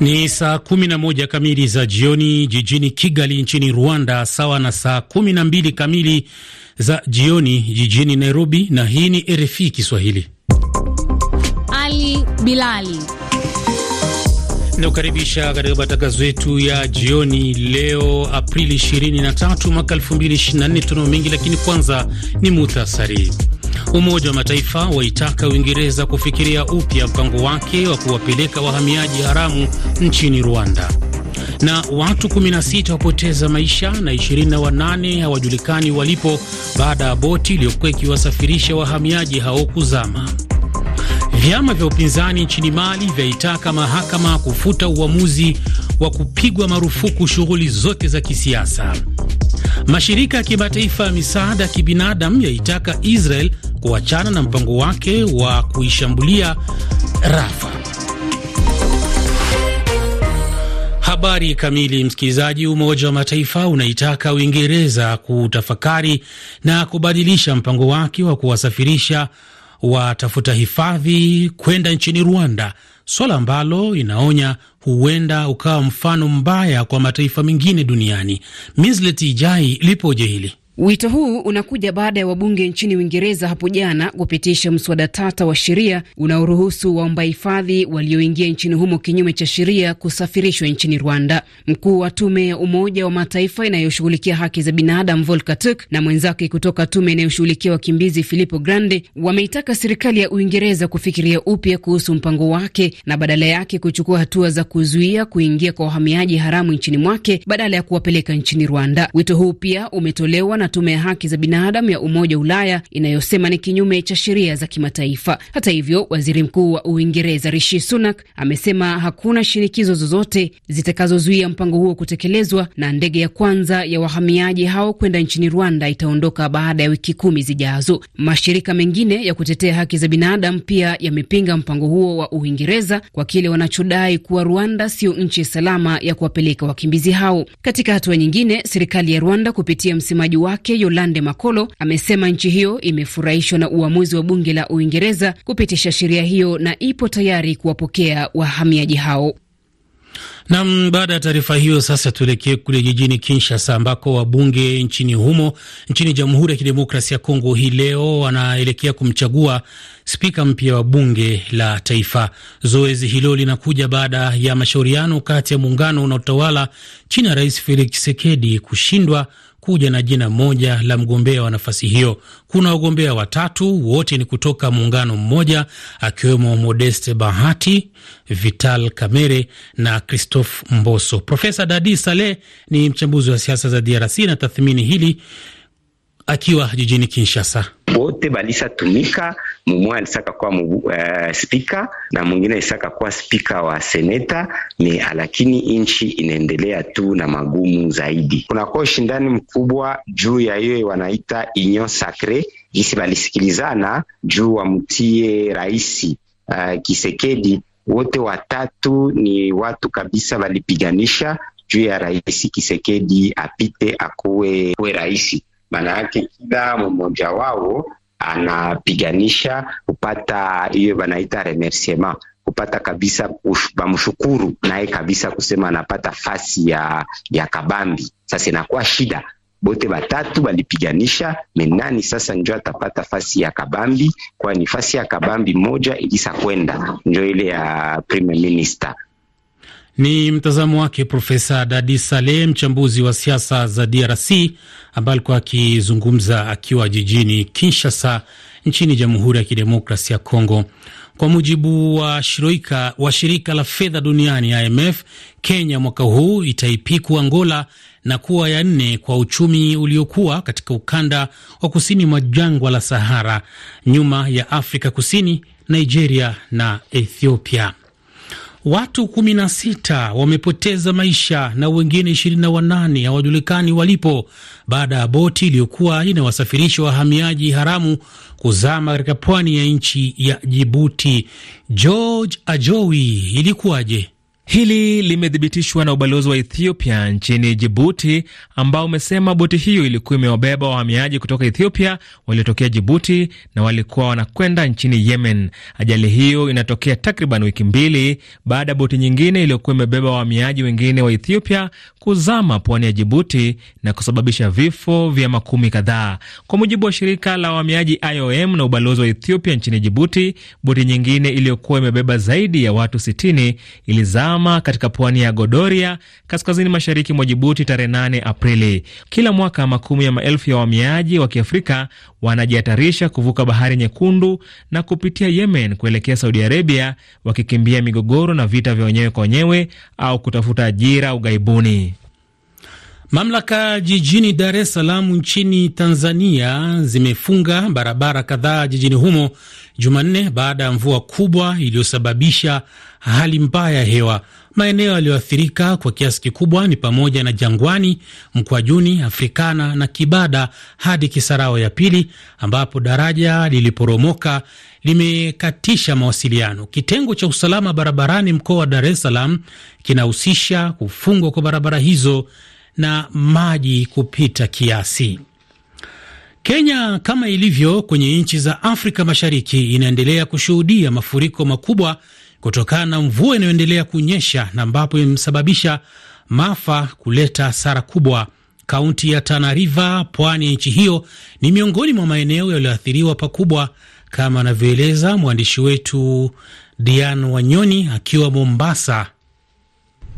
Ni saa 11 kamili za jioni jijini Kigali nchini Rwanda, sawa na saa 12 kamili za jioni jijini Nairobi. Na hii ni RFI Kiswahili. Ali Bilali nakukaribisha katika matangazo yetu ya jioni leo Aprili 23 mwaka 2024. Tunao mengi, lakini kwanza ni muhtasari Umoja wa Mataifa waitaka Uingereza kufikiria upya mpango wake wa kuwapeleka wahamiaji haramu nchini Rwanda. Na watu 16 wapoteza maisha na 28 hawajulikani walipo baada ya boti iliyokuwa ikiwasafirisha wahamiaji hao kuzama. Vyama vya upinzani nchini Mali vyaitaka mahakama kufuta uamuzi wa kupigwa marufuku shughuli zote za kisiasa. Mashirika ya kimataifa ya misaada ya kibinadamu yaitaka Israel kuachana na mpango wake wa kuishambulia Rafa. Habari kamili, msikilizaji. Umoja wa Mataifa unaitaka Uingereza kutafakari na kubadilisha mpango wake wa kuwasafirisha watafuta hifadhi kwenda nchini Rwanda, swala ambalo inaonya huenda ukawa mfano mbaya kwa mataifa mengine duniani. Mislet Ijai lipoje hili? Wito huu unakuja baada ya wabunge nchini Uingereza hapo jana kupitisha mswada tata wa sheria unaoruhusu waomba hifadhi walioingia nchini humo kinyume cha sheria kusafirishwa nchini Rwanda. Mkuu wa tume ya Umoja wa Mataifa inayoshughulikia haki za binadamu Volker Turk na mwenzake kutoka tume inayoshughulikia wakimbizi Filippo Grandi wameitaka serikali ya Uingereza kufikiria upya kuhusu mpango wake na badala yake kuchukua hatua za kuzuia kuingia kwa wahamiaji haramu nchini mwake badala ya kuwapeleka nchini Rwanda. Wito huu pia umetolewa na na tume ya haki za binadamu ya Umoja wa Ulaya inayosema ni kinyume cha sheria za kimataifa. Hata hivyo, waziri mkuu wa Uingereza Rishi Sunak amesema hakuna shinikizo zozote zitakazozuia mpango huo kutekelezwa na ndege ya kwanza ya wahamiaji hao kwenda nchini Rwanda itaondoka baada ya wiki kumi zijazo. Mashirika mengine ya kutetea haki za binadamu pia yamepinga mpango huo wa Uingereza kwa kile wanachodai kuwa Rwanda sio nchi salama ya kuwapeleka wakimbizi hao. Katika hatua nyingine, serikali ya Rwanda kupitia msemaji wake wake Yolande Makolo amesema nchi hiyo imefurahishwa na uamuzi wa bunge la Uingereza kupitisha sheria hiyo na ipo tayari kuwapokea wahamiaji hao. Nam, baada ya taarifa hiyo, sasa tuelekee kule jijini Kinshasa ambako wabunge nchini humo nchini Jamhuri ya Kidemokrasia ya Kongo hii leo wanaelekea kumchagua spika mpya wa bunge la taifa. Zoezi hilo linakuja baada ya mashauriano kati ya muungano unaotawala chini ya Rais Felix Tshisekedi kushindwa kuja na jina moja la mgombea wa nafasi hiyo. Kuna wagombea watatu, wote ni kutoka muungano mmoja, akiwemo Modeste Bahati, Vital Kamere na Christophe Mboso. Profesa Dadi Saleh ni mchambuzi wa siasa za DRC na tathmini hili akiwa jijini Kinshasa bote balisa tumika mumoya alisaka kuwa uh, eh, spika na mwingine alisaka kuwa spika wa seneta me, lakini nchi inaendelea tu na magumu zaidi. Kunakuwa ushindani mkubwa juu ya hiyo wanaita inyo sacre, jisi balisikilizana juu wamtie rahisi uh, eh, Kisekedi. Wote watatu ni watu kabisa balipiganisha juu ya rahisi Kisekedi apite akuwe kuwe raisi maana yake kila mmoja wao anapiganisha kupata hiyo banaita remerciement kupata kabisa bamshukuru naye kabisa kusema anapata fasi ya ya kabambi. Sasa inakuwa shida, bote batatu balipiganisha menani, sasa njo atapata fasi ya kabambi, kwani fasi ya kabambi moja ilisa kwenda njo ile ya premier minister ni mtazamo wake Profesa Dadi Saleh, mchambuzi wa siasa za DRC ambaye alikuwa akizungumza akiwa jijini Kinshasa nchini Jamhuri ya kidemokrasi ya Kongo. Kwa mujibu wa shirika, wa shirika la fedha duniani IMF, Kenya mwaka huu itaipiku Angola na kuwa ya nne kwa uchumi uliokuwa katika ukanda wa kusini mwa jangwa la Sahara, nyuma ya Afrika Kusini, Nigeria na Ethiopia. Watu 16 wamepoteza maisha na wengine 28 hawajulikani walipo baada ya boti iliyokuwa inawasafirisha wahamiaji haramu kuzama katika pwani ya nchi ya Jibuti. George Ajowi, ilikuwaje? Hili limethibitishwa na ubalozi wa Ethiopia nchini Jibuti, ambao umesema boti hiyo ilikuwa imewabeba wahamiaji kutoka Ethiopia waliotokea Jibuti na walikuwa wanakwenda nchini Yemen. Ajali hiyo inatokea takriban wiki mbili baada ya boti nyingine iliyokuwa imebeba wahamiaji wengine wa Ethiopia kuzama pwani ya Jibuti na kusababisha vifo vya makumi kadhaa, kwa mujibu wa shirika la wahamiaji IOM na ubalozi wa Ethiopia nchini Jibuti. Boti nyingine iliyokuwa imebeba zaidi ya watu 60 ilizama usalama katika pwani ya Godoria kaskazini mashariki mwa Jibuti tarehe 8 Aprili. Kila mwaka makumi ya maelfu ya wahamiaji wa Kiafrika wanajihatarisha kuvuka Bahari Nyekundu na kupitia Yemen kuelekea Saudi Arabia, wakikimbia migogoro na vita vya wenyewe kwa wenyewe au kutafuta ajira ughaibuni. Mamlaka jijini Dar es Salaam nchini Tanzania zimefunga barabara kadhaa jijini humo Jumanne baada ya mvua kubwa iliyosababisha hali mbaya ya hewa. Maeneo yaliyoathirika kwa kiasi kikubwa ni pamoja na Jangwani, Mkwajuni, Afrikana na Kibada hadi Kisarao ya pili, ambapo daraja liliporomoka limekatisha mawasiliano. Kitengo cha usalama barabarani mkoa wa Dar es Salaam kinahusisha kufungwa kwa barabara hizo na maji kupita kiasi. Kenya kama ilivyo kwenye nchi za Afrika Mashariki inaendelea kushuhudia mafuriko makubwa kutokana na mvua inayoendelea kunyesha na ambapo imesababisha maafa, kuleta hasara kubwa. Kaunti ya Tana River, pwani ya nchi hiyo, ni miongoni mwa maeneo yaliyoathiriwa pakubwa, kama anavyoeleza mwandishi wetu Dian Wanyoni akiwa Mombasa.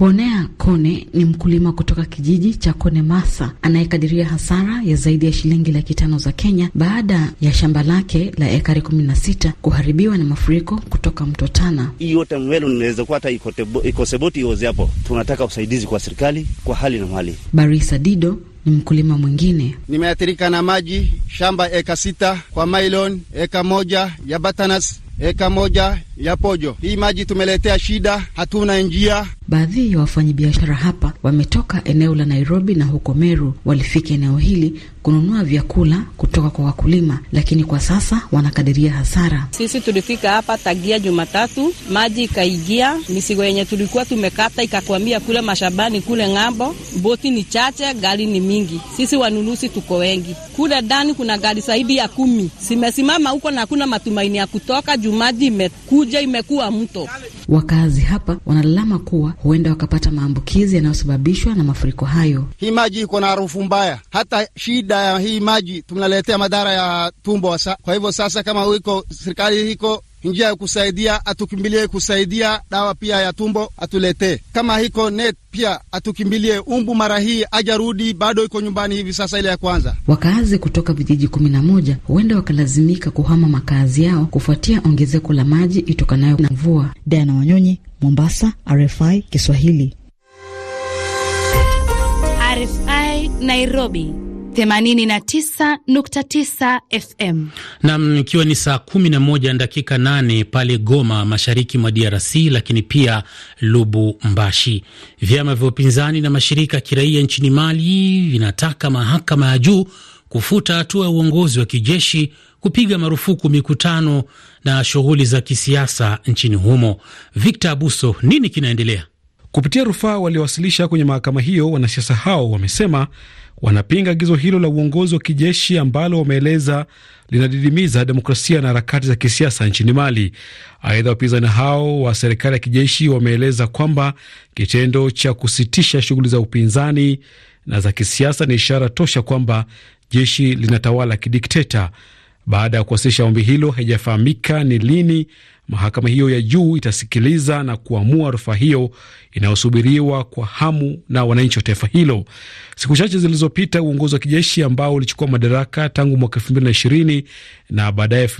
Bonea Kone ni mkulima kutoka kijiji cha Kone Masa anayekadiria hasara ya zaidi ya shilingi laki tano za Kenya baada ya shamba lake la ekari kumi na sita kuharibiwa na mafuriko kutoka mto Tana. Hii yote mwelu inaweza kuwa hata seboti ioze hapo. Tunataka usaidizi kwa serikali kwa hali na mali. Barisa Dido ni mkulima mwingine. Nimeathirika na maji shamba eka sita kwa mailon eka moja ya batanas eka moja ya pojo. Hii maji tumeletea shida, hatuna njia Baadhi ya wafanyabiashara hapa wametoka eneo la Nairobi na huko Meru walifika eneo hili kununua vyakula kutoka kwa wakulima, lakini kwa sasa wanakadiria hasara. Sisi tulifika hapa tagia Jumatatu, maji ikaingia misigo yenye tulikuwa tumekata ikakwamia kule mashabani kule ng'ambo. Boti ni chache, gari ni mingi, sisi wanunuzi tuko wengi. Kule ndani kuna gari zaidi ya kumi zimesimama huko na hakuna matumaini ya kutoka juu maji imekuja imekuwa mto. Wakazi hapa wanalalama kuwa huenda wakapata maambukizi yanayosababishwa na mafuriko hayo. Hii maji iko na harufu mbaya, hata shida shida ya hii maji tunaletea madhara ya tumbo sa. Kwa hivyo sasa, kama iko serikali hiko njia ya kusaidia, atukimbilie kusaidia dawa pia ya tumbo atuletee, kama hiko net pia atukimbilie. Umbu mara hii ajarudi, bado iko nyumbani hivi sasa, ile ya kwanza. Wakazi kutoka vijiji kumi na moja huenda wakalazimika kuhama makazi yao kufuatia ongezeko la maji itokanayo na mvua. Diana Wanyonyi, Mombasa, RFI Kiswahili. RFI Nairobi 89.9 FM. Nam, ikiwa ni saa 11 dakika 8 pale Goma, mashariki mwa DRC, lakini pia Lubumbashi. Vyama vya upinzani na mashirika ya kiraia nchini Mali vinataka mahakama ya juu kufuta hatua ya uongozi wa kijeshi kupiga marufuku mikutano na shughuli za kisiasa nchini humo. Victor Abuso, nini kinaendelea? Kupitia rufaa waliowasilisha kwenye mahakama hiyo, wanasiasa hao wamesema wanapinga agizo hilo la uongozi wa kijeshi ambalo wameeleza linadidimiza demokrasia na harakati za kisiasa nchini Mali. Aidha, wapinzani hao wa serikali ya kijeshi wameeleza kwamba kitendo cha kusitisha shughuli za upinzani na za kisiasa ni ishara tosha kwamba jeshi linatawala kidikteta. Baada ya kuwasilisha ombi hilo, haijafahamika ni lini Mahakama hiyo ya juu itasikiliza na kuamua rufaa hiyo inayosubiriwa kwa hamu na wananchi wa taifa hilo. Siku chache zilizopita, uongozi wa kijeshi ambao ulichukua madaraka tangu mwaka mbili na baadaye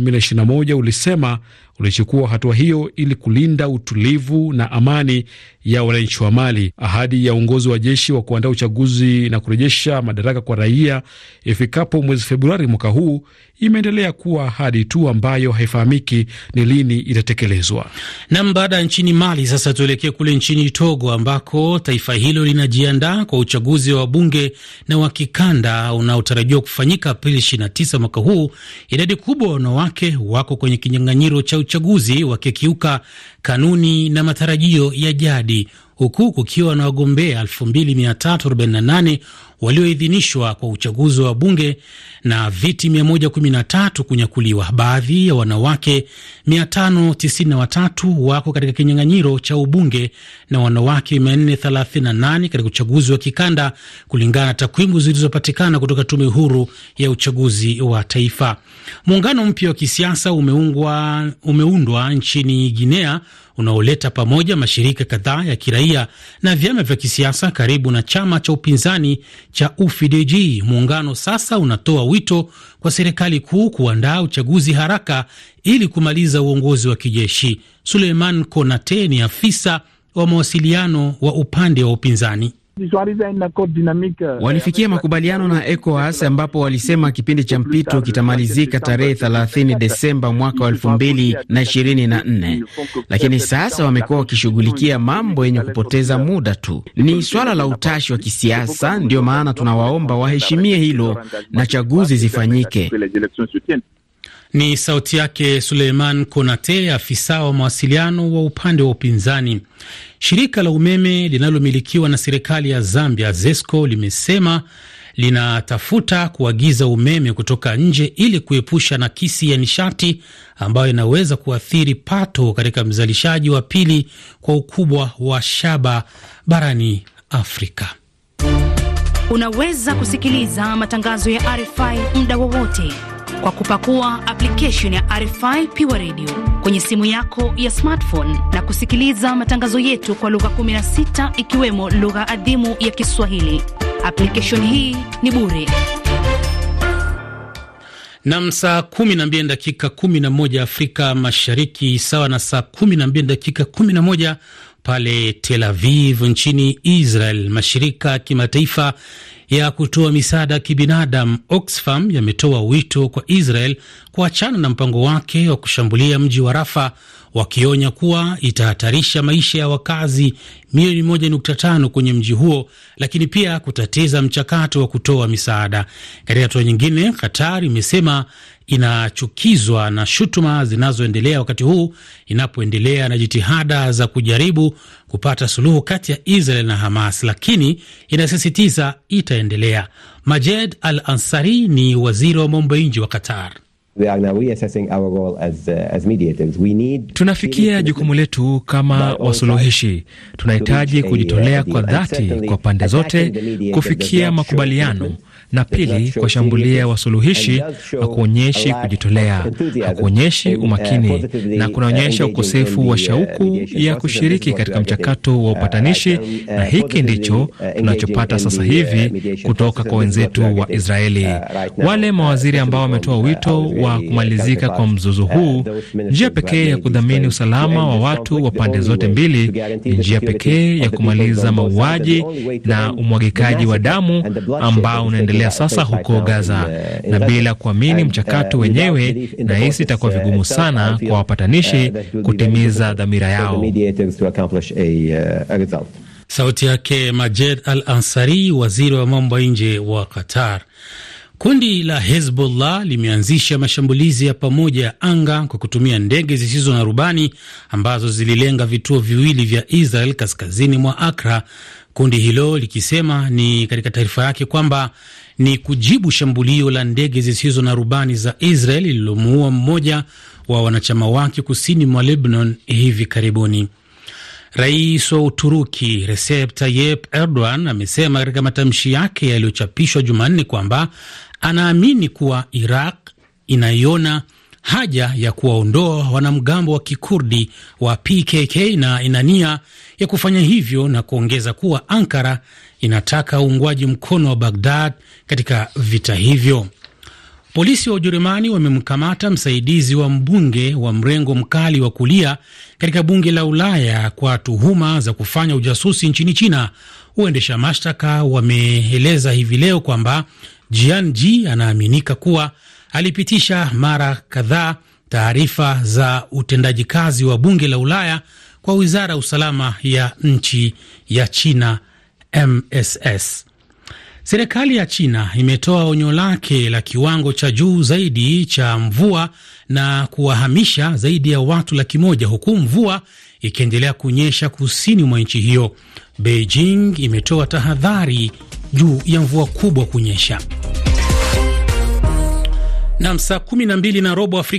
moja ulisema ulichukua hatua hiyo ili kulinda utulivu na amani ya wananchi wa Mali. Ahadi ya uongozi wa jeshi wa kuandaa uchaguzi na kurejesha madaraka kwa raia ifikapo mwezi Februari mwaka huu imeendelea kuwa ahadi tu ambayo haifahamiki ni lini itatekelezwa. Nam, baada ya nchini Mali, sasa tuelekee kule nchini Togo ambako taifa hilo linajiandaa kwa uchaguzi wa bunge na wa kikanda unaotarajiwa kufanyika Aprili 29 mwaka huu. Idadi kubwa wanawake wako kwenye kinyang'anyiro cha uchaguzi wakikiuka kanuni na matarajio ya jadi, huku kukiwa na wagombea 2348 walioidhinishwa kwa uchaguzi wa bunge na viti 113 kunyakuliwa. Baadhi ya wanawake 593 wako katika kinyang'anyiro cha ubunge na wanawake 438 katika uchaguzi wa kikanda, kulingana na takwimu zilizopatikana kutoka tume huru ya uchaguzi wa taifa. Muungano mpya wa kisiasa umeungwa, umeundwa nchini Guinea unaoleta pamoja mashirika kadhaa ya kiraia na vyama vya kisiasa karibu na chama cha upinzani cha UFDG. Muungano sasa unatoa wito kwa serikali kuu kuandaa uchaguzi haraka ili kumaliza uongozi wa kijeshi. Suleiman Konate ni afisa wa mawasiliano wa upande wa upinzani. Uh, Walifikia makubaliano na ECOWAS ambapo walisema kipindi cha mpito kitamalizika tarehe 30 Desemba mwaka wa 2024, lakini sasa wamekuwa wakishughulikia mambo yenye kupoteza muda tu. Ni swala la utashi wa kisiasa, ndiyo maana tunawaomba waheshimie hilo na chaguzi zifanyike. Ni sauti yake Suleiman Konate, afisa wa mawasiliano wa upande wa upinzani. Shirika la umeme linalomilikiwa na serikali ya Zambia, ZESCO, limesema linatafuta kuagiza umeme kutoka nje ili kuepusha nakisi ya nishati ambayo inaweza kuathiri pato katika mzalishaji wa pili kwa ukubwa wa shaba barani Afrika. Unaweza kusikiliza matangazo ya RFI muda wowote kwa kupakua application ya RFI Pure Radio kwenye simu yako ya smartphone na kusikiliza matangazo yetu kwa lugha 16 ikiwemo lugha adhimu ya Kiswahili. Application hii ni bure. Nam, saa 12 dakika 11 Afrika Mashariki, sawa na saa 12 dakika 11 pale Tel Aviv nchini Israel. Mashirika ya kimataifa ya kutoa misaada ya kibinadamu, Oxfam yametoa wito kwa Israel kuachana na mpango wake wa kushambulia mji wa Rafa, wakionya kuwa itahatarisha maisha ya wakazi milioni 1.5 kwenye mji huo, lakini pia kutatiza mchakato wa kutoa misaada. Katika hatua nyingine, Qatar imesema inachukizwa na shutuma zinazoendelea wakati huu inapoendelea na jitihada za kujaribu kupata suluhu kati ya Israel na Hamas, lakini inasisitiza itaendelea. Majed Al Ansari ni waziri wa mambo ya nje wa Qatar. Uh, Tunafikia jukumu letu kama wasuluhishi. Tunahitaji uh, kujitolea kwa dhati kwa pande zote kufikia makubaliano, na pili, kuwashambulia wasuluhishi hakuonyeshi kujitolea, hakuonyeshi uh, umakini na kunaonyesha ukosefu wa shauku ya kushiriki katika mchakato wa upatanishi, na hiki ndicho tunachopata sasa hivi kutoka kwa wenzetu wa Israeli. Wale mawaziri ambao wametoa wito wa kumalizika kwa mzozo uh, huu, njia pekee ya kudhamini usalama wa watu wa pande zote mbili, ni njia pekee ya kumaliza mauaji na umwagikaji wa damu ambao unaendelea sasa huko Gaza, uh, na bila kuamini uh, mchakato wenyewe, na hisi itakuwa vigumu sana kwa wapatanishi kutimiza dhamira yao. Sauti yake Majed Al Ansari, waziri wa mambo ya nje wa Qatar. Kundi la Hezbollah limeanzisha mashambulizi ya pamoja ya anga kwa kutumia ndege zisizo na rubani ambazo zililenga vituo viwili vya Israel kaskazini mwa Akra, kundi hilo likisema ni katika taarifa yake kwamba ni kujibu shambulio la ndege zisizo na rubani za Israel lililomuua mmoja wa wanachama wake kusini mwa Lebanon hivi karibuni. Rais wa Uturuki Recep Tayyip Erdogan amesema katika matamshi yake yaliyochapishwa Jumanne kwamba anaamini kuwa Iraq inaiona haja ya kuwaondoa wanamgambo wa kikurdi wa PKK na ina nia ya kufanya hivyo na kuongeza kuwa Ankara inataka uungwaji mkono wa bagdad katika vita hivyo. Polisi wa Ujerumani wamemkamata msaidizi wa mbunge wa mrengo mkali wa kulia katika bunge la Ulaya kwa tuhuma za kufanya ujasusi nchini China. Uendesha mashtaka wameeleza hivi leo kwamba Jianji anaaminika kuwa alipitisha mara kadhaa taarifa za utendaji kazi wa bunge la Ulaya kwa wizara ya usalama ya nchi ya China MSS. Serikali ya China imetoa onyo lake la kiwango cha juu zaidi cha mvua na kuwahamisha zaidi ya watu laki moja huku mvua ikiendelea kunyesha kusini mwa nchi hiyo. Beijing imetoa tahadhari juu ya mvua kubwa kunyesha. Nam, saa kumi na mbili na robo Afrika